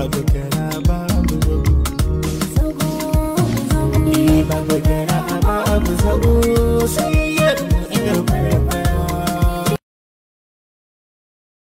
So kera So bagwe